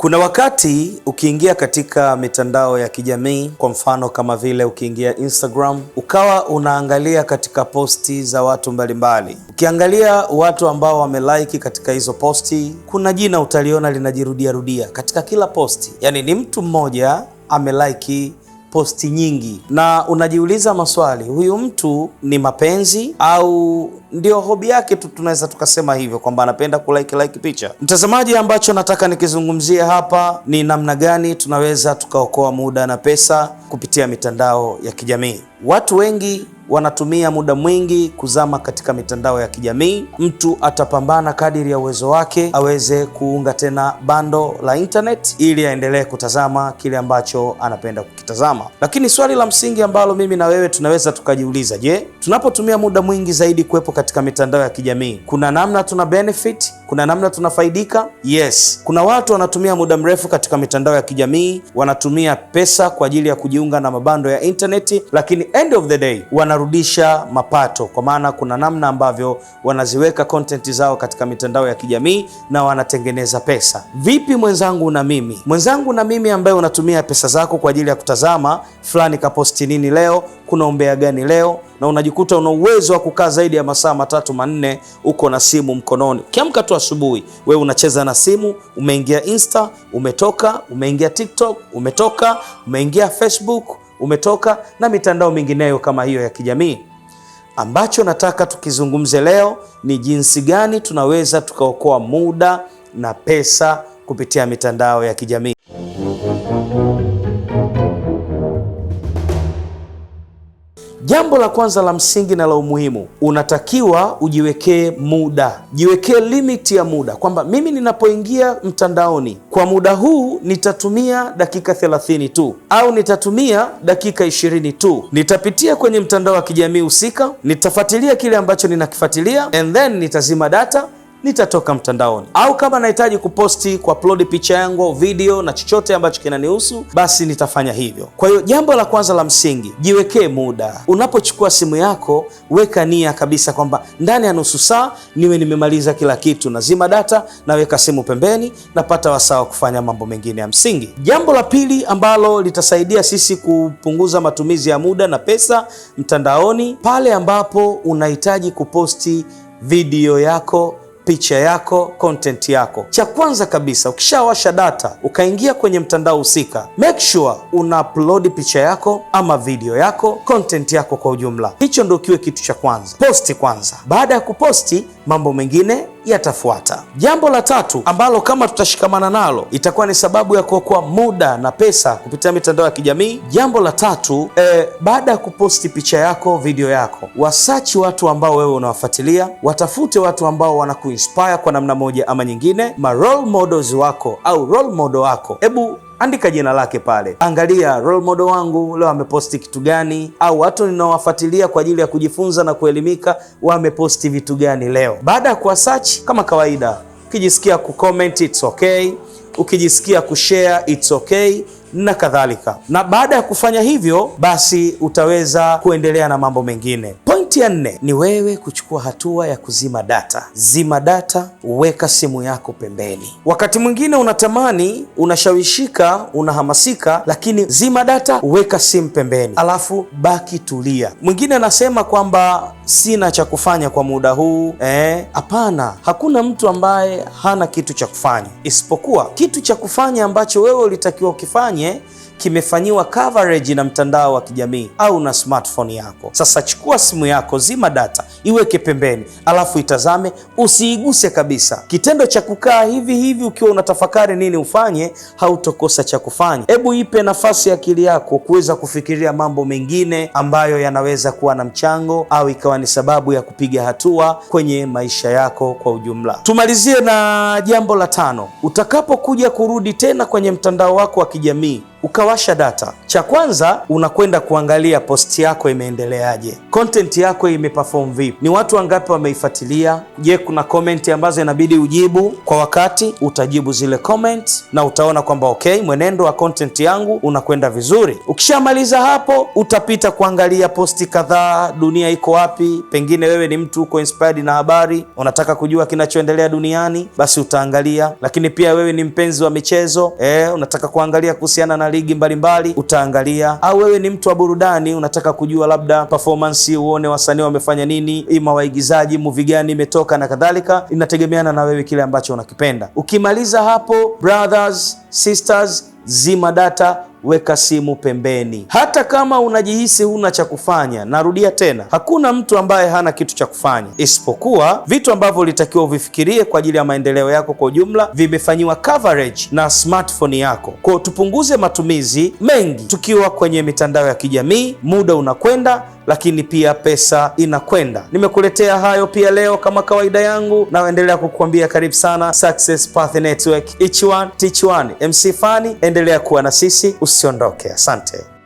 Kuna wakati ukiingia katika mitandao ya kijamii, kwa mfano kama vile ukiingia Instagram, ukawa unaangalia katika posti za watu mbalimbali. Ukiangalia watu ambao wamelaiki katika hizo posti, kuna jina utaliona linajirudiarudia katika kila posti, yaani ni mtu mmoja amelaiki posti nyingi na unajiuliza maswali, huyu mtu ni mapenzi au ndio hobi yake tu? Tunaweza tukasema hivyo kwamba anapenda kulike like picha. Mtazamaji, ambacho nataka nikizungumzie hapa ni namna gani tunaweza tukaokoa muda na pesa kupitia mitandao ya kijamii. Watu wengi wanatumia muda mwingi kuzama katika mitandao ya kijamii. Mtu atapambana kadiri ya uwezo wake aweze kuunga tena bando la internet ili aendelee kutazama kile ambacho anapenda kukitazama. Lakini swali la msingi ambalo mimi na wewe tunaweza tukajiuliza, je, tunapotumia muda mwingi zaidi kuwepo katika mitandao ya kijamii, kuna namna tuna benefit? Kuna namna tunafaidika? Yes, kuna watu wanatumia muda mrefu katika mitandao ya kijamii, wanatumia pesa kwa ajili ya kujiunga na mabando ya internet, lakini end of the day wana wanarudisha mapato, kwa maana kuna namna ambavyo wanaziweka content zao katika mitandao ya kijamii na wanatengeneza pesa. Vipi mwenzangu na mimi, mwenzangu na mimi ambaye unatumia pesa zako kwa ajili ya kutazama fulani kaposti nini leo, kuna ombea gani leo, na unajikuta una uwezo wa kukaa zaidi ya masaa matatu manne uko na simu mkononi. Ukiamka tu asubuhi, we unacheza na simu, umeingia Insta, umetoka, umeingia TikTok, umetoka, umeingia Facebook umetoka na mitandao mingineyo kama hiyo ya kijamii. Ambacho nataka tukizungumze leo ni jinsi gani tunaweza tukaokoa muda na pesa kupitia mitandao ya kijamii. Jambo la kwanza la msingi na la umuhimu, unatakiwa ujiwekee muda, jiwekee limiti ya muda, kwamba mimi ninapoingia mtandaoni kwa muda huu nitatumia dakika 30 tu au nitatumia dakika 20 tu. Nitapitia kwenye mtandao wa kijamii husika, nitafuatilia kile ambacho ninakifuatilia and then nitazima data nitatoka mtandaoni. Au kama nahitaji kuposti, kuupload picha yangu au video na chochote ambacho kinanihusu, basi nitafanya hivyo. Kwa hiyo jambo la kwanza la msingi, jiwekee muda. Unapochukua simu yako, weka nia kabisa kwamba ndani ya nusu saa niwe nimemaliza kila kitu, nazima data, naweka simu pembeni, napata wasaa wa kufanya mambo mengine ya msingi. Jambo la pili ambalo litasaidia sisi kupunguza matumizi ya muda na pesa mtandaoni, pale ambapo unahitaji kuposti video yako picha yako, content yako. Cha kwanza kabisa, ukishawasha data ukaingia kwenye mtandao husika, make sure una upload picha yako ama video yako, content yako kwa ujumla. Hicho ndio kiwe kitu cha kwanza. Posti kwanza. Baada ya kuposti, mambo mengine yatafuata. Jambo la tatu ambalo kama tutashikamana nalo itakuwa ni sababu ya kuokoa muda na pesa kupitia mitandao ya kijamii. Jambo la tatu e, baada ya kuposti picha yako, video yako, wasachi watu ambao wewe unawafuatilia, watafute watu ambao wanakuinspire kwa namna moja ama nyingine, ma role models wako au role model wako, hebu andika jina lake pale, angalia role model wangu leo ameposti kitu gani, au watu ninaowafuatilia kwa ajili ya kujifunza na kuelimika wameposti vitu gani leo. Baada ya kuwa search kama kawaida, ukijisikia kucomment it's okay, ukijisikia kushare it's okay na kadhalika. Na baada ya kufanya hivyo, basi utaweza kuendelea na mambo mengine. Tofauti ya nne ni wewe kuchukua hatua ya kuzima data. Zima data, weka simu yako pembeni. Wakati mwingine unatamani, unashawishika, unahamasika, lakini zima data, weka simu pembeni, alafu baki tulia. Mwingine anasema kwamba sina cha kufanya kwa muda huu. Eh, hapana, eh, hakuna mtu ambaye hana kitu cha kufanya, isipokuwa kitu cha kufanya ambacho wewe ulitakiwa ukifanye kimefanyiwa coverage na mtandao wa kijamii au na smartphone yako. Sasa chukua simu yako yako, zima data, iweke pembeni, alafu itazame, usiiguse kabisa. Kitendo cha kukaa hivi hivi ukiwa unatafakari nini ufanye, hautokosa cha kufanya. Hebu ipe nafasi ya akili yako kuweza kufikiria mambo mengine ambayo yanaweza kuwa na mchango au ikawa ni sababu ya kupiga hatua kwenye maisha yako kwa ujumla. Tumalizie na jambo la tano, utakapokuja kurudi tena kwenye mtandao wako wa kijamii ukawasha data. Cha kwanza unakwenda kuangalia posti yako imeendeleaje, content yako imeperform vipi, ni watu wangapi wameifuatilia. Je, kuna comment ambazo inabidi ujibu kwa wakati? Utajibu zile comment na utaona kwamba okay, mwenendo wa content yangu unakwenda vizuri. Ukishamaliza hapo, utapita kuangalia posti kadhaa, dunia iko wapi. Pengine wewe ni mtu uko inspired na habari, unataka kujua kinachoendelea duniani, basi utaangalia. Lakini pia wewe ni mpenzi wa michezo eh, unataka kuangalia kuhusiana na ligi mbalimbali utaangalia, au wewe ni mtu wa burudani, unataka kujua labda performance, uone wasanii wamefanya nini, ima waigizaji, movie gani imetoka na kadhalika. Inategemeana na wewe kile ambacho unakipenda. Ukimaliza hapo, brothers sisters, zima data weka simu pembeni, hata kama unajihisi huna cha kufanya. Narudia tena, hakuna mtu ambaye hana kitu cha kufanya, isipokuwa vitu ambavyo ulitakiwa uvifikirie kwa ajili ya maendeleo yako kwa ujumla vimefanyiwa coverage na smartphone yako. Kwa tupunguze matumizi mengi tukiwa kwenye mitandao ya kijamii, muda unakwenda lakini pia pesa inakwenda. Nimekuletea hayo pia leo kama kawaida yangu, naendelea kukuambia karibu sana Success Path Network. Each one teach one. MC Fani, endelea kuwa na sisi. Usiondoke. Asante.